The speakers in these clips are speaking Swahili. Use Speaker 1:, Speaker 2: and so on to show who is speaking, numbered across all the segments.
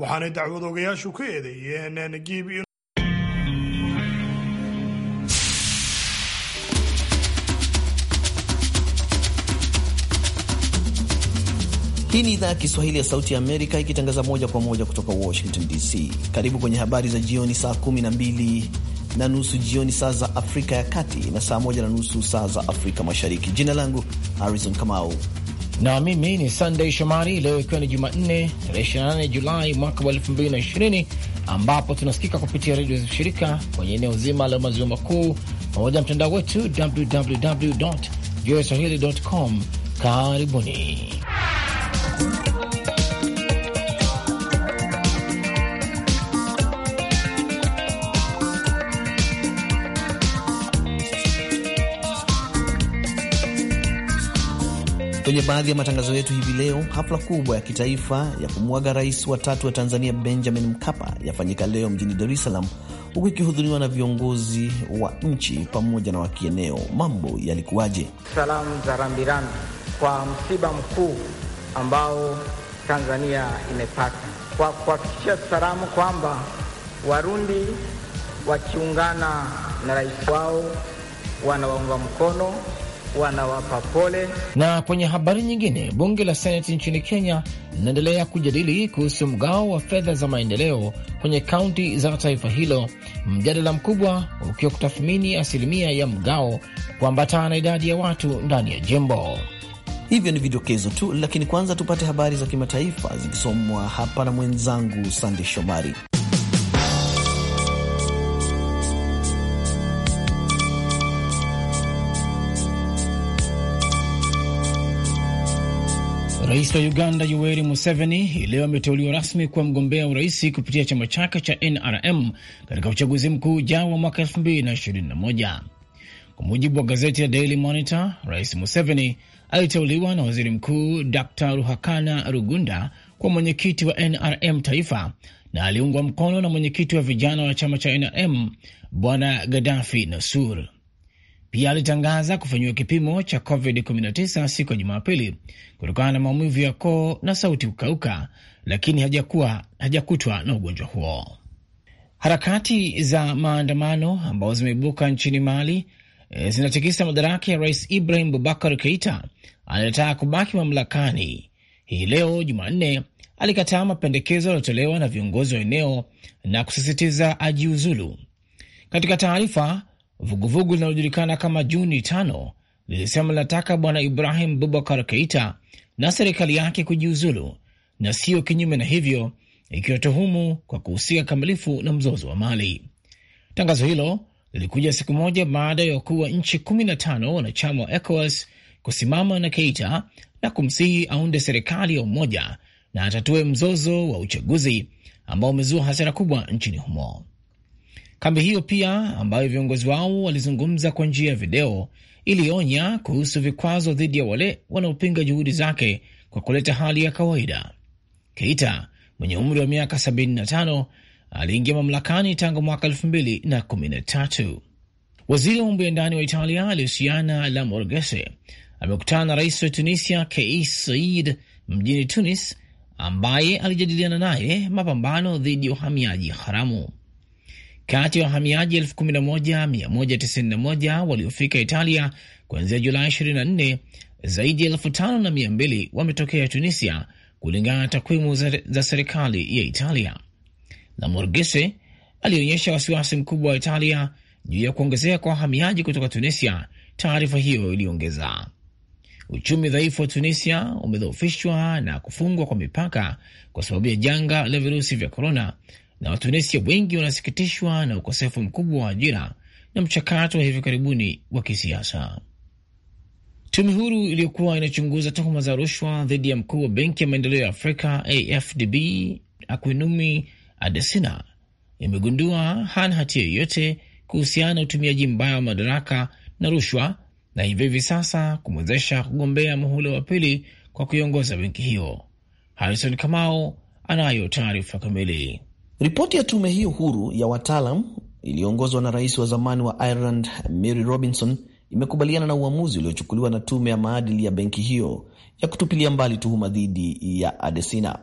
Speaker 1: waxaanay dacwad ogayaashu ka eedeeyeen Naguib
Speaker 2: Hii ni idhaa ya Kiswahili ya Sauti ya Amerika ikitangaza moja kwa moja kutoka Washington DC. Karibu kwenye habari za jioni, saa kumi na nusu jioni saa za Afrika ya Kati na saa 1 na nusu saa za Afrika Mashariki. Jina langu Harrison Kamau na mimi ni Sunday Shomari. Leo ikiwa ni Jumanne,
Speaker 3: tarehe 28 Julai mwaka wa 2020, ambapo tunasikika kupitia redio za shirika kwenye eneo zima la maziwa makuu pamoja na mtandao wetu www com. Karibuni.
Speaker 2: Kwenye baadhi ya matangazo yetu hivi leo, hafla kubwa ya kitaifa ya kumwaga rais wa tatu wa Tanzania Benjamin Mkapa yafanyika leo mjini Dar es Salaam, huku ikihudhuriwa na viongozi wa nchi pamoja na wakieneo. Mambo yalikuwaje?
Speaker 3: Salamu za rambirambi kwa msiba mkuu ambao Tanzania imepata, kwa kuhakikisha salamu kwamba Warundi wakiungana na rais wao wanawaunga mkono wanawapa pole. Na kwenye habari nyingine, bunge la seneti nchini Kenya linaendelea kujadili kuhusu mgao wa fedha za maendeleo kwenye kaunti za taifa hilo, mjadala mkubwa ukiwa kutathmini asilimia ya mgao kuambatana na idadi ya watu ndani ya jimbo.
Speaker 2: Hivyo ni vidokezo tu, lakini kwanza tupate habari za kimataifa zikisomwa hapa na mwenzangu Sande Shomari.
Speaker 4: Rais wa
Speaker 3: Uganda Yoweri Museveni hii leo ameteuliwa rasmi kuwa mgombea urais kupitia chama chake cha NRM katika uchaguzi mkuu ujao wa mwaka 2021. Kwa mujibu wa gazeti ya Daily Monitor, Rais Museveni aliteuliwa na waziri mkuu Dr Ruhakana Rugunda kwa mwenyekiti wa NRM taifa na aliungwa mkono na mwenyekiti wa vijana wa chama cha NRM Bwana Gaddafi Nasur. Pia alitangaza kufanyiwa kipimo cha COVID-19 siku ya Jumapili kutokana na maumivu ya koo na sauti kukauka, lakini hajakuwa hajakutwa na ugonjwa huo. Harakati za maandamano ambazo zimeibuka nchini Mali e, zinatikisa madaraka ya Rais Ibrahim Bubakar Keita anayetaka kubaki mamlakani. Hii leo Jumanne alikataa mapendekezo yaliyotolewa na viongozi wa eneo na kusisitiza ajiuzulu. Katika taarifa Vuguvugu linalojulikana kama Juni tano lilisema linataka Bwana Ibrahim Bubakar Keita na serikali yake kujiuzulu na siyo kinyume na hivyo, ikiwatuhumu kwa kuhusika kamilifu na mzozo wa Mali. Tangazo hilo lilikuja siku moja baada ya wakuu wa nchi 15 wanachama wa ECOWAS kusimama na Keita na kumsihi aunde serikali ya umoja na atatue mzozo wa uchaguzi ambao umezua hasara kubwa nchini humo. Kambi hiyo pia, ambayo viongozi wao walizungumza kwa njia ya video, ilionya kuhusu vikwazo dhidi ya wale wanaopinga juhudi zake kwa kuleta hali ya kawaida. Keita mwenye umri wa miaka 75 aliingia mamlakani tangu mwaka 2013. Waziri wa mambo ya ndani wa Italia Luciana Lamorgese amekutana na rais wa Tunisia Kais Saied mjini Tunis, ambaye alijadiliana naye mapambano dhidi ya uhamiaji haramu. Kati ya wahamiaji 11191 waliofika Italia kuanzia Julai 24, zaidi ya elfu wametokea Tunisia, kulingana na takwimu za, za serikali ya Italia. Lamorgese alionyesha wasiwasi mkubwa wa Italia juu ya kuongezea kwa wahamiaji kutoka Tunisia. Taarifa hiyo iliongeza, uchumi dhaifu wa Tunisia umedhoofishwa na kufungwa kwa mipaka kwa sababu ya janga la virusi vya korona na Watunisia wengi wanasikitishwa na ukosefu mkubwa wa ajira na mchakato wa hivi karibuni wa kisiasa. Tume huru iliyokuwa inachunguza tuhuma za rushwa dhidi ya mkuu wa Benki ya Maendeleo ya Afrika AFDB Akuinumi Adesina imegundua hana hatia yoyote kuhusiana na utumiaji mbaya wa madaraka na rushwa, na hivyo hivi sasa kumwezesha kugombea muhula wa pili kwa kuiongoza benki hiyo. Harison Kamau anayo taarifa
Speaker 2: kamili. Ripoti ya tume hiyo huru ya wataalam iliyoongozwa na rais wa zamani wa Ireland Mary Robinson imekubaliana na uamuzi uliochukuliwa na tume ya maadili ya benki hiyo ya kutupilia mbali tuhuma dhidi ya Adesina.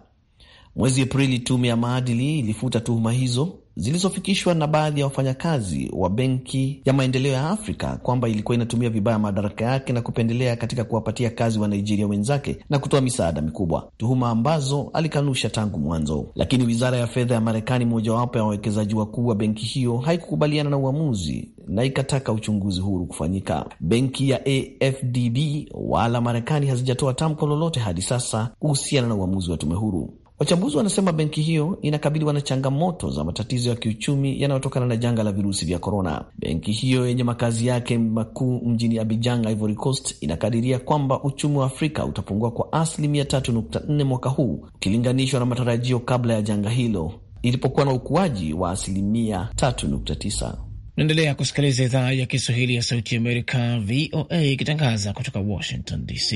Speaker 2: Mwezi Aprili, tume ya maadili ilifuta tuhuma hizo zilizofikishwa na baadhi ya wafanyakazi wa Benki ya Maendeleo ya Afrika kwamba ilikuwa inatumia vibaya madaraka yake na kupendelea katika kuwapatia kazi wa Nigeria wenzake na kutoa misaada mikubwa, tuhuma ambazo alikanusha tangu mwanzo. Lakini wizara ya fedha ya Marekani, mojawapo ya wawekezaji wakuu wa benki hiyo, haikukubaliana na uamuzi na ikataka uchunguzi huru kufanyika. Benki ya AFDB wala Marekani hazijatoa tamko lolote hadi sasa kuhusiana na uamuzi wa tume huru. Wachambuzi wanasema benki hiyo inakabiliwa na changamoto za matatizo ya kiuchumi yanayotokana na janga la virusi vya korona. Benki hiyo yenye makazi yake makuu mjini Abidjan, Ivory Coast, inakadiria kwamba uchumi wa Afrika utapungua kwa asilimia 3.4 mwaka huu ukilinganishwa na matarajio kabla ya janga hilo ilipokuwa na ukuaji wa asilimia 3.9.
Speaker 3: Naendelea kusikiliza idhaa ya Kiswahili ya Sauti ya Amerika, VOA, ikitangaza kutoka Washington DC.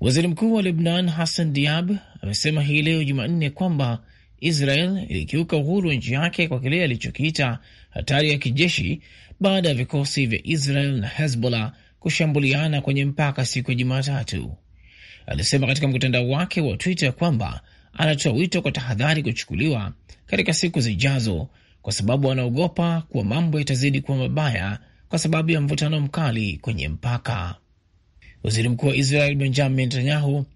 Speaker 3: Waziri mkuu wa Lebnan Hassan Diab amesema hii leo Jumanne kwamba Israel ilikiuka uhuru wa nchi yake kwa kile alichokiita hatari ya kijeshi baada ya vikosi vya Israel na Hezbollah kushambuliana kwenye mpaka siku ya Jumatatu. Alisema katika mkutandao wake wa Twitter kwamba anatoa wito kwa tahadhari kuchukuliwa katika siku zijazo, kwa sababu anaogopa kuwa mambo yatazidi kuwa mabaya kwa sababu ya mvutano mkali kwenye mpaka. Waziri mkuu wa Israel Benjamin Netanyahu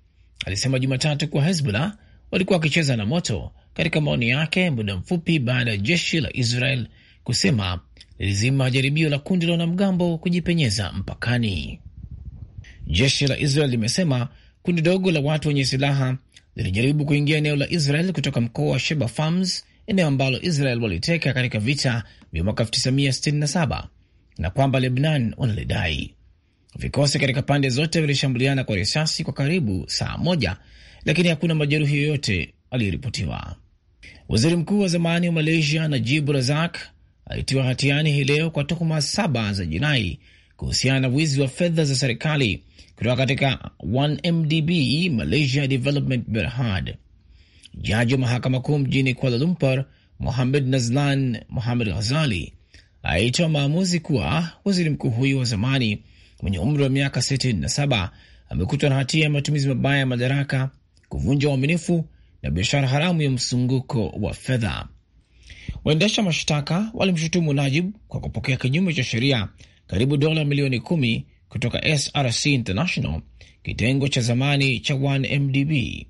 Speaker 3: alisema Jumatatu kuwa Hezbollah walikuwa wakicheza na moto, katika maoni yake muda mfupi baada ya jeshi la Israel kusema lilizima jaribio la kundi la wanamgambo kujipenyeza mpakani. Jeshi la Israel limesema kundi dogo la watu wenye silaha lilijaribu kuingia eneo la Israel kutoka mkoa wa Sheba Farms, eneo ambalo Israel waliteka katika vita vya mwaka 1967 na kwamba Lebnan wanalidai. Vikosi katika pande zote vilishambuliana kwa risasi kwa karibu saa moja, lakini hakuna majeruhi yoyote aliyeripotiwa. Waziri mkuu wa zamani wa Malaysia Najib Razak alitiwa hatiani hii leo kwa tuhuma saba za jinai kuhusiana na wizi wa fedha za serikali kutoka katika 1MDB Malaysia Development Berhad. Jaji wa mahakama kuu mjini Kuala Lumpur Muhamed Nazlan muhamed Ghazali aitoa maamuzi kuwa waziri mkuu huyu wa zamani mwenye umri wa miaka 67 amekutwa na hatia ya matumizi mabaya ya madaraka, kuvunja uaminifu na biashara haramu ya msunguko wa fedha. Waendesha mashtaka walimshutumu Najib kwa kupokea kinyume cha sheria karibu dola milioni kumi kutoka SRC International, kitengo cha zamani cha 1MDB.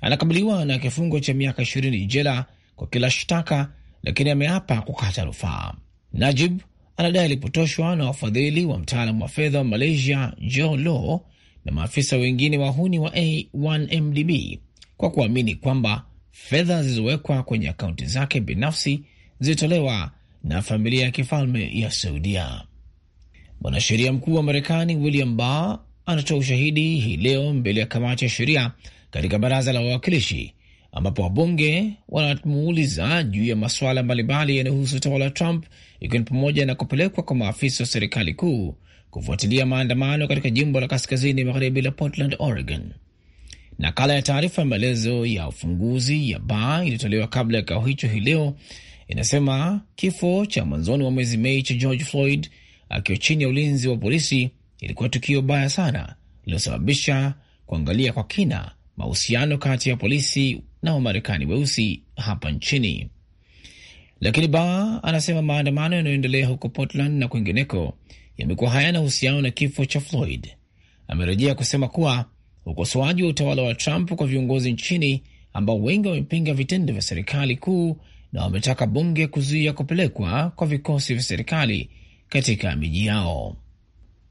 Speaker 3: Anakabiliwa na kifungo cha miaka ishirini jela kwa kila shtaka, lakini ameapa kukata rufaa. Najib anadai alipotoshwa na wafadhili wa mtaalamu wa fedha wa Malaysia Joe Law na maafisa wengine wahuni wa A1MDB kwa kuamini kwamba fedha zilizowekwa kwenye akaunti zake binafsi zilitolewa na familia ya kifalme ya Saudia. Mwanasheria mkuu wa Marekani William Barr anatoa ushahidi hii leo mbele ya kamati ya sheria katika baraza la wawakilishi ambapo wabunge wanamuuliza juu ya masuala mbalimbali yanayohusu utawala wa Trump, ikiwa ni pamoja na kupelekwa kwa maafisa wa serikali kuu kufuatilia maandamano katika jimbo la kaskazini magharibi la Portland, Oregon. Nakala ya taarifa ya maelezo ya ufunguzi ya baa iliyotolewa kabla ya kikao hicho hii leo inasema kifo cha mwanzoni wa mwezi Mei cha George Floyd akiwa chini ya ulinzi wa polisi ilikuwa tukio baya sana lililosababisha kuangalia kwa kina mahusiano kati ya polisi na Wamarekani weusi hapa nchini. Lakini Ba anasema maandamano yanayoendelea huko Portland na kwingineko yamekuwa hayana uhusiano na kifo cha Floyd. Amerejea kusema kuwa ukosoaji wa utawala wa Trump kwa viongozi nchini ambao wengi wamepinga vitendo vya serikali kuu na wametaka bunge kuzuia kupelekwa kwa vikosi vya serikali katika miji yao.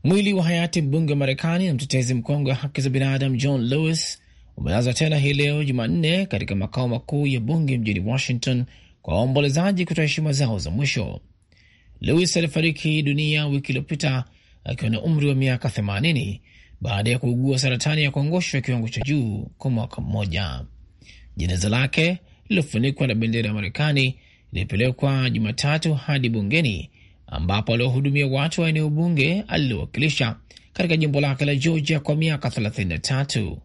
Speaker 3: Mwili wa hayati mbunge wa Marekani na mtetezi mkongwe wa haki za binadamu John Lewis umeanza tena hii leo Jumanne katika makao makuu ya bunge mjini Washington kwa waombolezaji kutoa heshima zao za mwisho. Lewis alifariki dunia wiki iliyopita akiwa na umri wa miaka 80 baada ya kuugua saratani ya kongosho ya kiwango cha juu kwa mwaka mmoja. Jeneza lake lililofunikwa na bendera ya Marekani lilipelekwa Jumatatu hadi bungeni ambapo aliwahudumia watu wa eneo bunge alilowakilisha katika jimbo lake la Georgia kwa miaka 33.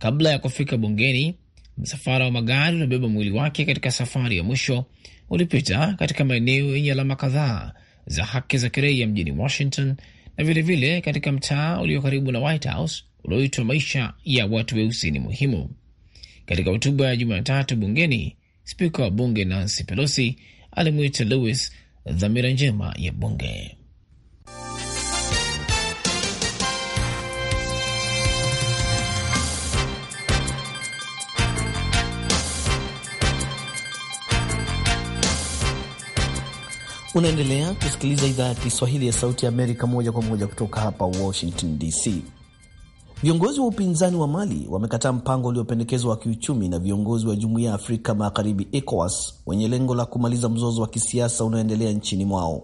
Speaker 3: Kabla ya kufika bungeni, msafara wa magari uliobeba mwili wake katika safari ya mwisho ulipita katika maeneo yenye alama kadhaa za haki za kiraia mjini Washington na vilevile vile katika mtaa ulio karibu na White House ulioitwa maisha ya watu weusi ni muhimu. Katika hotuba ya Jumatatu bungeni, spika wa bunge Nancy Pelosi alimwita Lewis dhamira njema ya bunge.
Speaker 2: Unaendelea kusikiliza idhaa ya Kiswahili ya Sauti ya Amerika moja kwa moja kutoka hapa Washington DC. Viongozi wa upinzani wa Mali wamekataa mpango uliopendekezwa wa kiuchumi na viongozi wa Jumuiya ya Afrika Magharibi, ECOWAS, wenye lengo la kumaliza mzozo wa kisiasa unaoendelea nchini mwao.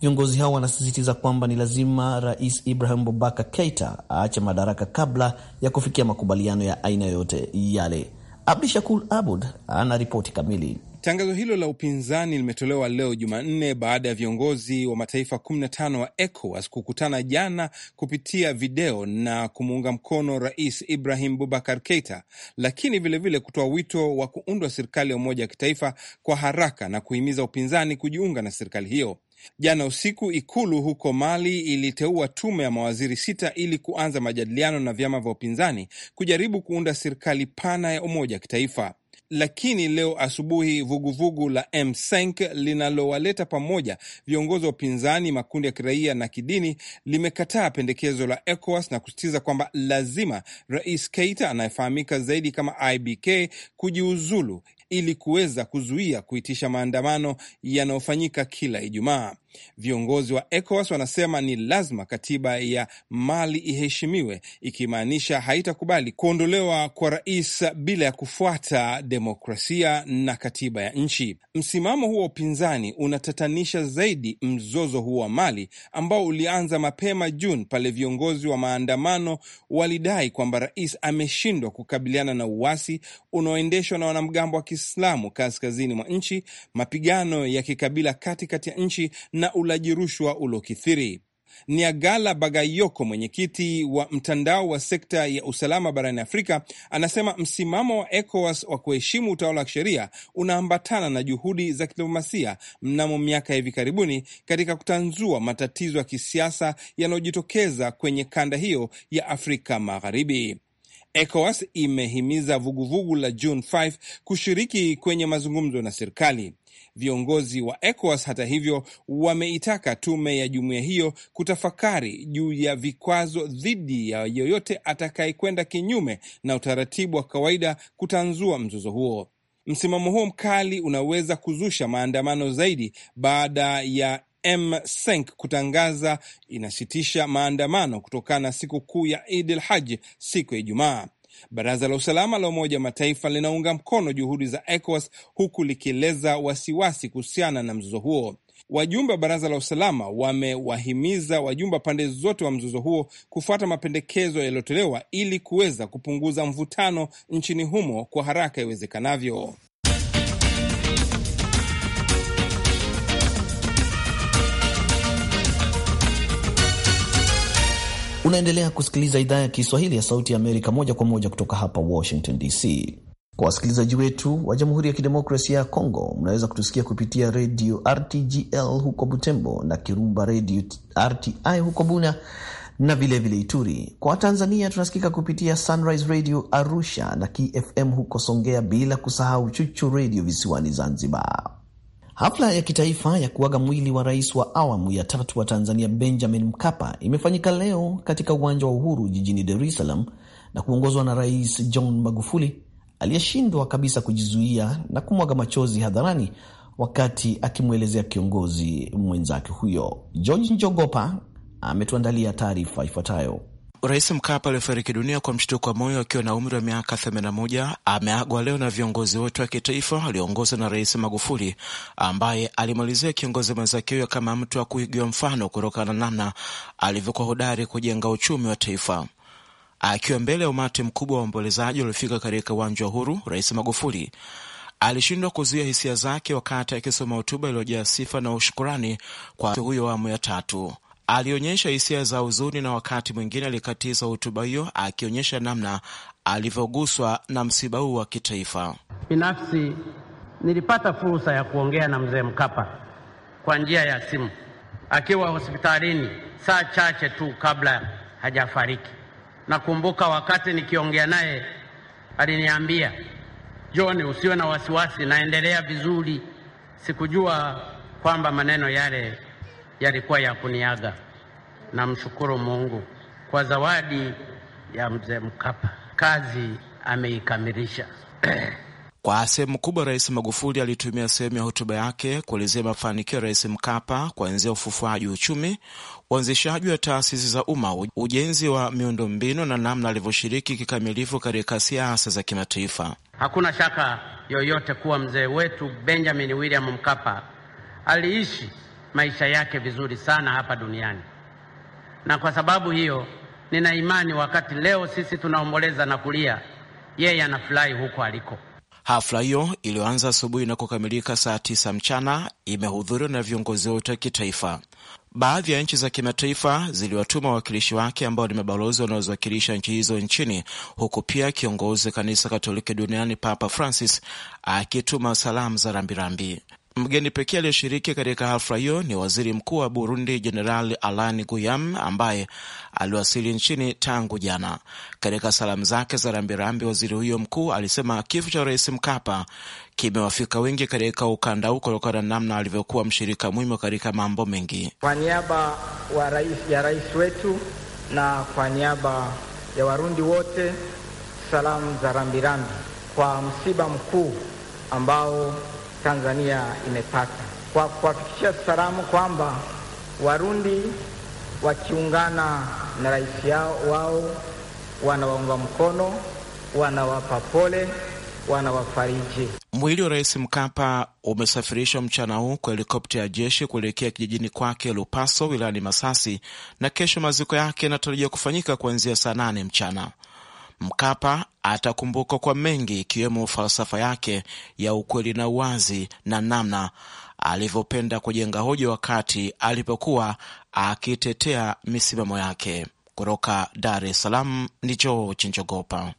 Speaker 2: Viongozi hao wanasisitiza kwamba ni lazima Rais Ibrahim bobakar Keita aache madaraka kabla ya kufikia makubaliano ya aina yoyote yale. Abdi Abud ana ripoti kamili.
Speaker 5: Tangazo hilo la upinzani limetolewa leo Jumanne baada ya viongozi wa mataifa 15 wa ECOWAS kukutana jana kupitia video na kumuunga mkono Rais Ibrahim Bubakar Keita, lakini vilevile kutoa wito wa kuundwa serikali ya umoja wa kitaifa kwa haraka na kuhimiza upinzani kujiunga na serikali hiyo. Jana usiku ikulu huko Mali iliteua tume ya mawaziri sita ili kuanza majadiliano na vyama vya upinzani kujaribu kuunda serikali pana ya umoja wa kitaifa. Lakini leo asubuhi vuguvugu la M5 linalowaleta pamoja viongozi wa upinzani, makundi ya kiraia na kidini limekataa pendekezo la ECOWAS na kusisitiza kwamba lazima Rais Keita anayefahamika zaidi kama IBK kujiuzulu ili kuweza kuzuia kuitisha maandamano yanayofanyika kila Ijumaa. Viongozi wa ECOWAS wanasema ni lazima katiba ya Mali iheshimiwe, ikimaanisha haitakubali kuondolewa kwa rais bila ya kufuata demokrasia na katiba ya nchi. Msimamo huo wa upinzani unatatanisha zaidi mzozo huo wa Mali ambao ulianza mapema Juni pale viongozi wa maandamano walidai kwamba rais ameshindwa kukabiliana na uasi unaoendeshwa na wanamgambo wa Kiislamu kaskazini mwa nchi, mapigano ya kikabila katikati ya nchi na ulaji rushwa uliokithiri. Niagala Bagayoko, mwenyekiti wa mtandao wa sekta ya usalama barani Afrika, anasema msimamo wa ECOWAS wa kuheshimu utawala wa kisheria unaambatana na juhudi za kidiplomasia mnamo miaka ya hivi karibuni katika kutanzua matatizo ya kisiasa yanayojitokeza kwenye kanda hiyo ya Afrika Magharibi. ECOWAS imehimiza vuguvugu la June 5 kushiriki kwenye mazungumzo na serikali. Viongozi wa ECOWAS hata hivyo wameitaka tume ya jumuiya hiyo kutafakari juu ya vikwazo dhidi ya yoyote atakayekwenda kinyume na utaratibu wa kawaida kutanzua mzozo huo. Msimamo huo mkali unaweza kuzusha maandamano zaidi baada ya MSENK kutangaza inasitisha maandamano kutokana na siku kuu ya Idil Haj siku ya Ijumaa. Baraza la Usalama la Umoja wa Mataifa linaunga mkono juhudi za ECOWAS huku likieleza wasiwasi kuhusiana na mzozo huo. Wajumbe wa baraza la usalama wamewahimiza wajumbe wa pande zote wa mzozo huo kufuata mapendekezo yaliyotolewa ili kuweza kupunguza mvutano nchini humo kwa haraka iwezekanavyo.
Speaker 2: Unaendelea kusikiliza idhaa ya Kiswahili ya Sauti ya Amerika moja kwa moja kutoka hapa Washington DC. Kwa wasikilizaji wetu wa Jamhuri ya Kidemokrasia ya Kongo, mnaweza kutusikia kupitia redio RTGL huko Butembo na Kirumba redio RTI huko Buna na vilevile vile Ituri. Kwa Tanzania tunasikika kupitia Sunrise Radio Arusha na KFM huko Songea, bila kusahau Chuchu Radio visiwani Zanzibar. Hafla ya kitaifa ya kuaga mwili wa rais wa awamu ya tatu wa Tanzania Benjamin Mkapa imefanyika leo katika uwanja wa Uhuru jijini Dar es Salaam na kuongozwa na Rais John Magufuli aliyeshindwa kabisa kujizuia na kumwaga machozi hadharani wakati akimwelezea kiongozi mwenzake huyo. George Njogopa ametuandalia taarifa ifuatayo.
Speaker 6: Rais Mkapa aliyefariki dunia kwa mshtuko wa moyo akiwa na umri wa miaka 81 ameagwa leo na viongozi wote wa kitaifa walioongozwa na Rais Magufuli ambaye alimalizia kiongozi mwenzake huyo kama mtu wa kuigiwa mfano kutokana na namna alivyokuwa hodari kujenga uchumi wa taifa. Akiwa mbele ya umati mkubwa wa waombolezaji waliofika katika uwanja wa Uhuru, Rais Magufuli alishindwa kuzuia hisia zake wakati akisoma hotuba iliyojaa sifa na ushukurani kwa huyo awamu ya tatu alionyesha hisia za huzuni na wakati mwingine alikatiza hotuba hiyo akionyesha namna alivyoguswa na msiba huu wa kitaifa.
Speaker 7: Binafsi nilipata fursa ya kuongea na mzee Mkapa kwa njia ya simu akiwa hospitalini saa chache tu kabla hajafariki. Nakumbuka wakati nikiongea naye aliniambia, John, usiwe na wasiwasi, naendelea vizuri. Sikujua kwamba maneno yale yalikuwa ya kuniaga. Namshukuru Mungu kwa zawadi ya mzee Mkapa, kazi ameikamilisha.
Speaker 6: Kwa sehemu kubwa, Rais Magufuli alitumia sehemu ya hotuba yake kuelezea mafanikio ya Rais Mkapa kuanzia ufufuaji uchumi, uanzishaji wa taasisi za umma, ujenzi wa miundombinu na namna alivyoshiriki kikamilifu katika siasa za kimataifa.
Speaker 7: Hakuna shaka yoyote kuwa mzee wetu Benjamin William Mkapa aliishi maisha yake vizuri sana hapa duniani. Na kwa sababu hiyo, nina imani wakati leo sisi tunaomboleza na kulia, yeye anafurahi huko aliko.
Speaker 6: Hafla hiyo iliyoanza asubuhi na kukamilika saa tisa mchana imehudhuriwa na viongozi wote wa kitaifa. Baadhi ya nchi za kimataifa ziliwatuma wawakilishi wake ambao ni mabalozi wanaoziwakilisha nchi hizo nchini, huku pia kiongozi wa kanisa Katoliki duniani Papa Francis akituma salamu za rambirambi. Mgeni pekee aliyoshiriki katika hafla hiyo ni waziri mkuu wa Burundi Jenerali Alani guyam ambaye aliwasili nchini tangu jana. Katika salamu zake za rambirambi, waziri huyo mkuu alisema kifo cha Rais Mkapa kimewafika wengi katika ukanda huu kutokana na namna alivyokuwa mshirika muhimu katika mambo mengi.
Speaker 7: Kwa
Speaker 3: niaba ya rais wetu na kwa niaba ya Warundi wote, salamu za rambirambi kwa msiba mkuu ambao Tanzania imepata kwa kuhakikisha salamu kwamba Warundi wakiungana na rais yao wao wanawaunga mkono, wanawapa pole, wanawafariji.
Speaker 6: Mwili wa Rais Mkapa umesafirishwa mchana huu kwa helikopta ya jeshi kuelekea kijijini kwake Lupaso wilayani Masasi, na kesho maziko yake yanatarajiwa kufanyika kuanzia saa nane mchana. Mkapa atakumbukwa kwa mengi, ikiwemo falsafa yake ya ukweli na uwazi na namna alivyopenda kujenga hoja wakati alipokuwa akitetea misimamo yake. Kutoka Dar es Salaam ni George chinjogopa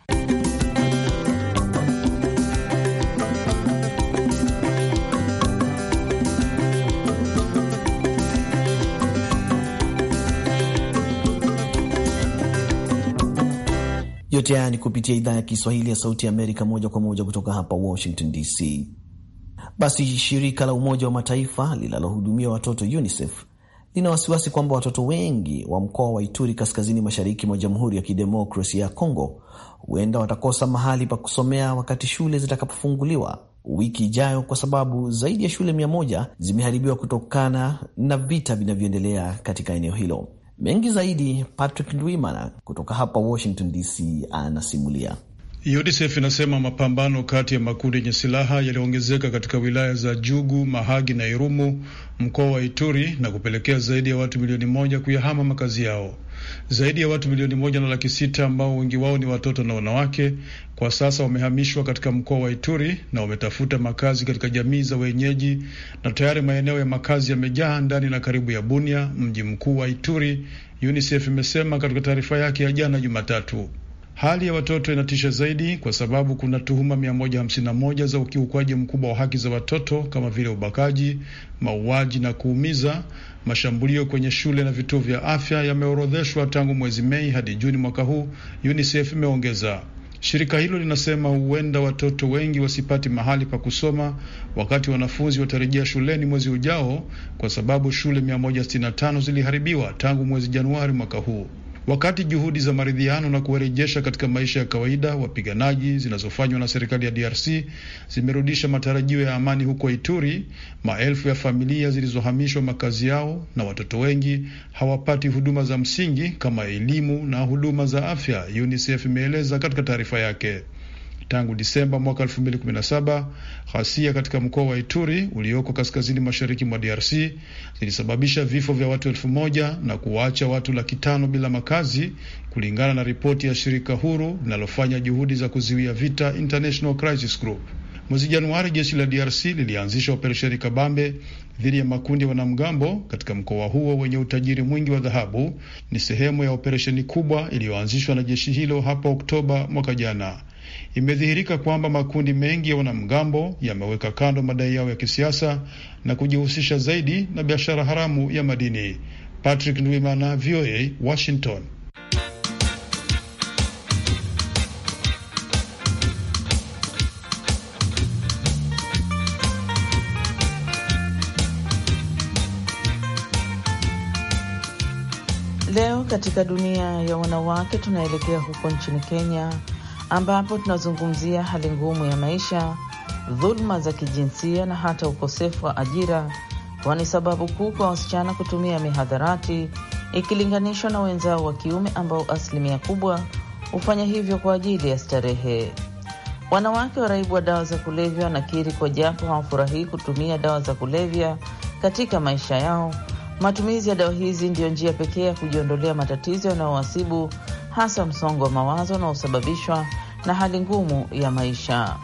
Speaker 2: Yote haya ni kupitia idhaa ya Kiswahili ya Sauti ya Amerika, moja kwa moja kutoka hapa Washington DC. Basi shirika la Umoja wa Mataifa linalohudumia watoto UNICEF lina wasiwasi kwamba watoto wengi wa mkoa wa Ituri kaskazini mashariki mwa Jamhuri ya Kidemokrasia ya Kongo huenda watakosa mahali pa kusomea wakati shule zitakapofunguliwa wiki ijayo, kwa sababu zaidi ya shule mia moja zimeharibiwa kutokana na vita vinavyoendelea katika eneo hilo. Mengi zaidi Patrick Ndwimana kutoka hapa Washington DC anasimulia.
Speaker 1: UNICEF inasema mapambano kati ya makundi yenye silaha yaliongezeka katika wilaya za Jugu, Mahagi na Irumu, mkoa wa Ituri na kupelekea zaidi ya watu milioni moja kuyahama makazi yao. Zaidi ya watu milioni moja na laki sita ambao wengi wao ni watoto na wanawake kwa sasa wamehamishwa katika mkoa wa Ituri na wametafuta makazi katika jamii za wenyeji, na tayari maeneo ya makazi yamejaa ndani na karibu ya Bunia, mji mkuu wa Ituri, UNICEF imesema katika taarifa yake ya jana Jumatatu. Hali ya watoto inatisha zaidi kwa sababu kuna tuhuma 151 za ukiukwaji mkubwa wa haki za watoto kama vile ubakaji, mauaji na kuumiza Mashambulio kwenye shule na vituo vya afya yameorodheshwa tangu mwezi Mei hadi Juni mwaka huu, UNICEF imeongeza. Shirika hilo linasema huenda watoto wengi wasipati mahali pa kusoma wakati wanafunzi watarejea shuleni mwezi ujao, kwa sababu shule 165 ziliharibiwa tangu mwezi Januari mwaka huu wakati juhudi za maridhiano na kuwarejesha katika maisha ya kawaida wapiganaji zinazofanywa na serikali ya DRC zimerudisha matarajio ya amani huko Ituri, maelfu ya familia zilizohamishwa makazi yao na watoto wengi hawapati huduma za msingi kama elimu na huduma za afya, UNICEF imeeleza katika taarifa yake. Tangu Disemba mwaka 2017 ghasia katika mkoa wa Ituri ulioko kaskazini mashariki mwa DRC zilisababisha vifo vya watu elfu moja na kuwaacha watu laki tano bila makazi, kulingana na ripoti ya shirika huru linalofanya juhudi za kuzuia vita International Crisis Group. Mwezi Januari jeshi la DRC lilianzisha operesheni kabambe dhidi ya makundi ya wanamgambo katika mkoa huo wenye utajiri mwingi wa dhahabu. Ni sehemu ya operesheni kubwa iliyoanzishwa na jeshi hilo hapo Oktoba mwaka jana. Imedhihirika kwamba makundi mengi ya wanamgambo yameweka kando madai yao ya kisiasa na kujihusisha zaidi na biashara haramu ya madini. Patrick Ndwimana, VOA, Washington.
Speaker 8: Leo katika dunia ya wanawake tunaelekea huko nchini Kenya ambapo tunazungumzia hali ngumu ya maisha, dhuluma za kijinsia na hata ukosefu wa ajira, kuwa ni sababu kuu kwa wasichana kutumia mihadharati ikilinganishwa na wenzao wa kiume ambao asilimia kubwa hufanya hivyo kwa ajili ya starehe. Wanawake waraibu wa dawa za kulevya wanakiri kwa japo hawafurahii kutumia dawa za kulevya katika maisha yao, matumizi ya dawa hizi ndiyo njia pekee ya kujiondolea matatizo yanayowasibu hasa msongo wa mawazo unaosababishwa na hali ngumu ya maisha.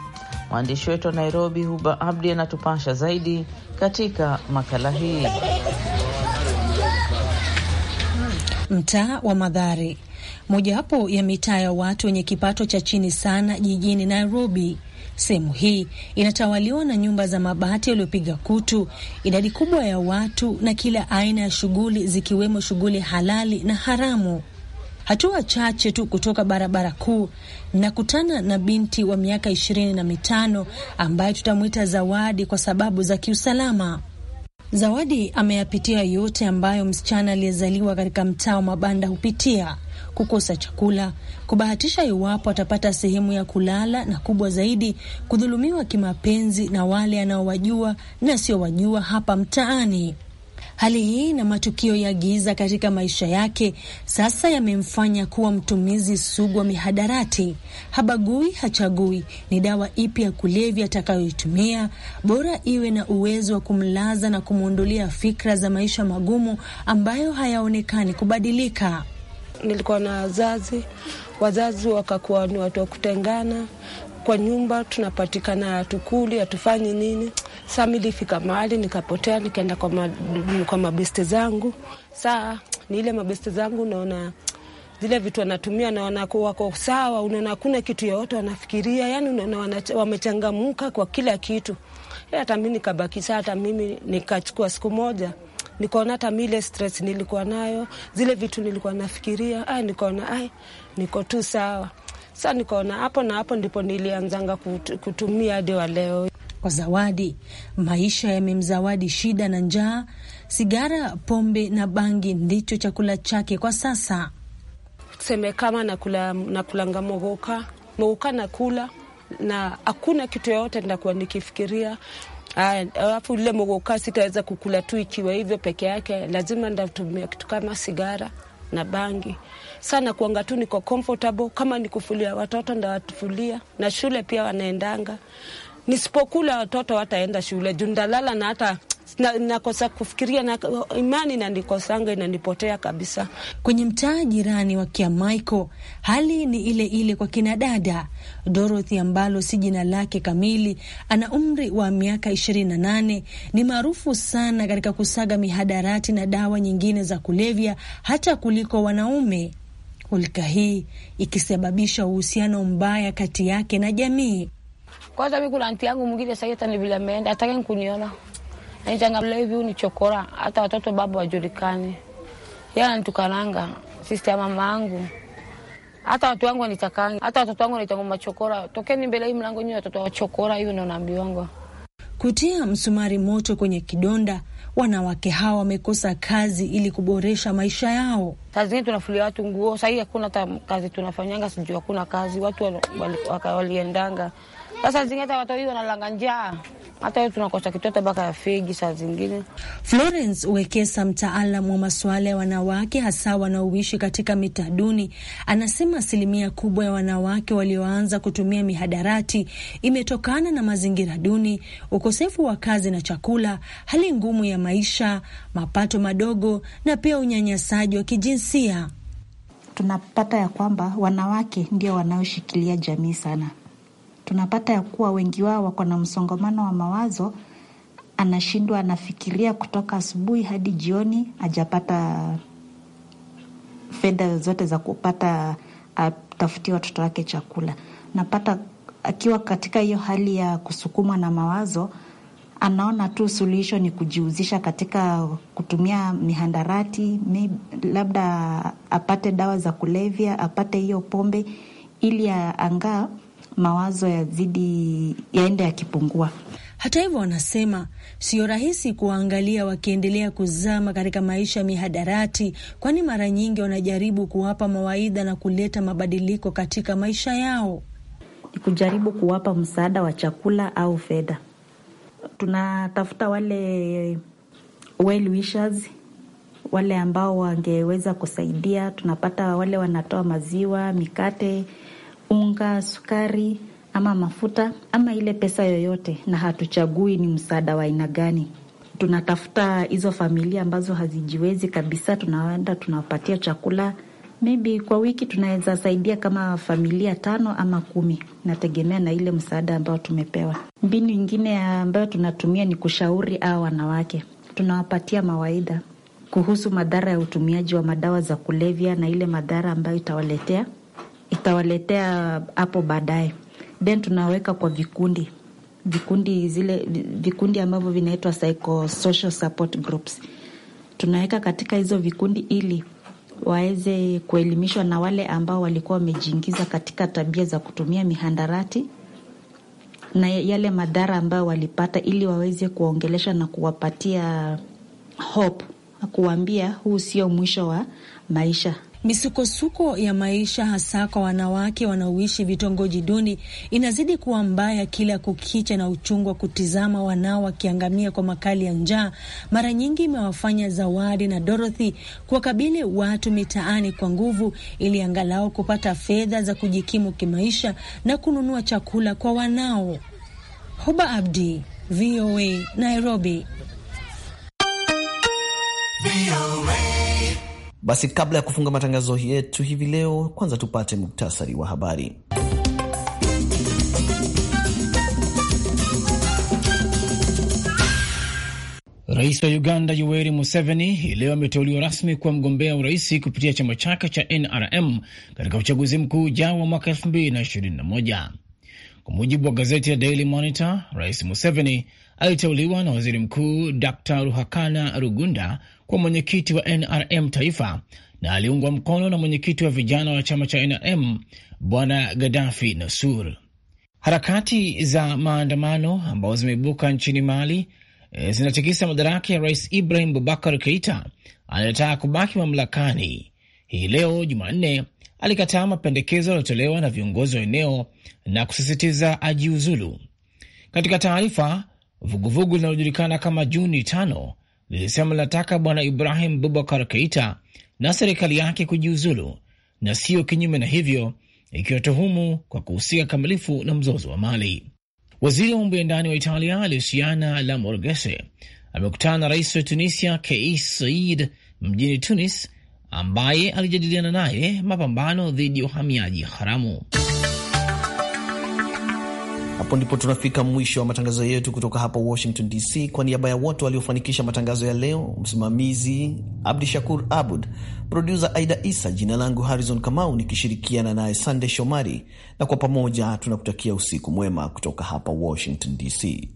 Speaker 8: Mwandishi wetu wa Nairobi, Huba Abdi, anatupasha zaidi katika makala hii.
Speaker 9: Mtaa wa madhari mojawapo ya mitaa ya watu wenye kipato cha chini sana jijini Nairobi. Sehemu hii inatawaliwa na nyumba za mabati yaliyopiga kutu, idadi kubwa ya watu na kila aina ya shughuli, zikiwemo shughuli halali na haramu hatua chache tu kutoka barabara kuu, nakutana na binti wa miaka ishirini na mitano ambaye tutamwita Zawadi kwa sababu za kiusalama. Zawadi ameyapitia yote ambayo msichana aliyezaliwa katika mtaa wa mabanda hupitia: kukosa chakula, kubahatisha iwapo atapata sehemu ya kulala, na kubwa zaidi, kudhulumiwa kimapenzi na wale anaowajua na asiowajua hapa mtaani. Hali hii na matukio ya giza katika maisha yake sasa yamemfanya kuwa mtumizi sugu wa mihadarati. Habagui, hachagui ni dawa ipi ya kulevya atakayoitumia, bora iwe na uwezo wa kumlaza na kumwondolea fikra za maisha magumu ambayo hayaonekani kubadilika
Speaker 8: nilikuwa na wazazi, wazazi wakakuwa ni watu wa kutengana. Kwa nyumba tunapatikana, hatukuli, hatufanyi nini. Saa milifika mahali nikapotea, nikaenda kwa, ma, kwa mabeste zangu. Saa ni ile mabeste zangu naona zile vitu wanatumia naona wako sawa, unaona hakuna kitu yoyote wanafikiria, yani unaona wamechangamuka kwa kila kitu. Hata mi nikabaki saa, hata mimi nikachukua siku moja nikaona hata mile stress nilikuwa nayo, zile vitu nilikuwa nafikiria, ai, nikaona ai, niko tu sawa.
Speaker 9: Sa nikaona hapo na hapo ndipo nilianzanga kutumia hadi wa leo. Kwa Zawadi, maisha yamemzawadi shida na njaa. Sigara, pombe na bangi ndicho chakula chake kwa sasa.
Speaker 8: Tuseme kama nakula, nakulanga mogoka mogoka, nakula na hakuna kitu yoyote nitakuwa nikifikiria Ah, alafu ule mogoka sitaweza kukula tu ikiwa hivyo peke yake, lazima ndatumia kitu kama sigara na bangi sana kuanga tu niko comfortable. Kama nikufulia watoto ndawatufulia, na shule pia wanaendanga. Nisipokula watoto wataenda shule juu ndalala, na hata nakosa na kufikiria na imani nanikosanga inanipotea kabisa.
Speaker 9: Kwenye mtaa jirani wa Kiamaiko hali ni ile ile kwa kina dada. Dorothy ambalo si jina lake kamili, ana umri wa miaka ishirini na nane, ni maarufu sana katika kusaga mihadarati na dawa nyingine za kulevya hata kuliko wanaume. Hulka hii ikisababisha uhusiano mbaya kati yake na jamii.
Speaker 8: Kwanza mi kuna anti yangu mwingine sasa hata ni vile ameenda, atake kuniona ni changamla hivi chokora, hata watoto baba wajulikani, yeye anitukananga sisi ya mama angu, hata watu wangu wanitakangi, hata watoto wangu wanaitanga machokora. Tokeni mbele hii mlango nyinyi watoto wachokora, hiyo ndio naambiwanga.
Speaker 9: Kutia msumari moto kwenye kidonda, wanawake hawa wamekosa kazi ili kuboresha maisha yao.
Speaker 8: Saa zingine tunafulia watu nguo, sahii hakuna hata kazi tunafanyanga, sijui hakuna kazi, watu waliendanga wali sasa zingine hata watoto wanalanga njaa, hata hiyo tunakosa kitoto baka ya fegi saa zingine.
Speaker 9: Florence Wekesa, mtaalamu wa masuala ya wanawake hasa wanaoishi katika mitaa duni, anasema asilimia kubwa ya wanawake walioanza kutumia mihadarati imetokana na mazingira duni, ukosefu wa kazi na chakula, hali ngumu ya maisha, mapato madogo na pia unyanyasaji wa kijinsia. Tunapata ya kwamba wanawake ndio
Speaker 4: wanaoshikilia jamii sana tunapata ya kuwa wengi wao wako na msongamano wa mawazo, anashindwa, anafikiria kutoka asubuhi hadi jioni, ajapata fedha zote za kupata atafutia ah, watoto wake chakula. Napata akiwa katika hiyo hali ya kusukumwa na mawazo, anaona tu suluhisho ni kujihusisha katika kutumia mihandarati, labda apate dawa za kulevya, apate hiyo pombe ili angaa mawazo yazidi yaende yakipungua.
Speaker 9: Hata hivyo, wanasema sio rahisi kuwaangalia wakiendelea kuzama katika maisha ya mihadarati, kwani mara nyingi wanajaribu kuwapa mawaidha na kuleta mabadiliko katika maisha yao,
Speaker 4: ni kujaribu kuwapa msaada wa chakula au fedha. Tunatafuta wale well wishers, wale ambao wangeweza kusaidia. Tunapata wale wanatoa maziwa, mikate unga, sukari ama mafuta ama ile pesa yoyote, na hatuchagui ni msaada wa aina gani. Tunatafuta hizo familia ambazo hazijiwezi kabisa, tunaenda tunawapatia chakula maybe kwa wiki tunaweza saidia kama familia tano ama kumi, nategemea na ile msaada ambao tumepewa. Mbinu ingine ambayo tunatumia ni kushauri hawa wanawake, tunawapatia mawaidha kuhusu madhara ya utumiaji wa madawa za kulevya na ile madhara ambayo itawaletea itawaletea hapo baadaye. Then tunaweka kwa vikundi vikundi zile vikundi ambavyo vinaitwa psychosocial support groups, tunaweka katika hizo vikundi ili waweze kuelimishwa na wale ambao walikuwa wamejiingiza katika tabia za kutumia mihandarati na yale madhara ambayo walipata, ili waweze kuwaongelesha na kuwapatia hope, kuwaambia huu sio mwisho wa maisha.
Speaker 9: Misukosuko ya maisha hasa kwa wanawake wanaoishi vitongoji duni inazidi kuwa mbaya kila kukicha, na uchungu wa kutizama wanao wakiangamia kwa makali ya njaa mara nyingi imewafanya Zawadi na Dorothy kuwakabili watu mitaani kwa nguvu, ili angalau kupata fedha za kujikimu kimaisha na kununua chakula kwa wanao. Huba Abdi, VOA, Nairobi. VOA.
Speaker 2: Basi kabla ya kufunga matangazo yetu hivi leo, kwanza tupate muktasari wa habari.
Speaker 3: Rais wa Uganda Yoweri Museveni hii leo ameteuliwa rasmi kuwa mgombea urais kupitia chama chake cha NRM katika uchaguzi mkuu ujao wa mwaka 2021. Kwa mujibu wa gazeti ya Daily Monitor, Rais Museveni aliteuliwa na waziri mkuu Dr Ruhakana Rugunda kwa mwenyekiti wa NRM taifa na aliungwa mkono na mwenyekiti wa vijana wa chama cha NRM Bwana Gaddafi Nasur. Harakati za maandamano ambazo zimeibuka nchini Mali e, zinatikisa madaraka ya Rais Ibrahim Bubakar Keita anayetaka kubaki mamlakani. Hii leo Jumanne alikataa mapendekezo yaliyotolewa na viongozi wa eneo na kusisitiza ajiuzulu. Katika taarifa, vuguvugu linalojulikana kama Juni tano lilisema linataka Bwana Ibrahim Bubakar Keita na serikali yake kujiuzulu na siyo kinyume na hivyo, ikiwatuhumu kwa kuhusika kamilifu na mzozo wa Mali. Waziri wa mambo ya ndani wa Italia Luciana Lamorgese amekutana na rais wa Tunisia Kais said mjini Tunis, ambaye alijadiliana naye mapambano dhidi ya uhamiaji haramu.
Speaker 2: Hapo ndipo tunafika mwisho wa matangazo yetu kutoka hapa Washington DC. Kwa niaba ya wote waliofanikisha matangazo ya leo, msimamizi Abdi Shakur Abud, produsa Aida Isa, jina langu Harrison Kamau nikishirikiana naye Sande Shomari, na kwa pamoja tunakutakia usiku mwema kutoka hapa Washington DC.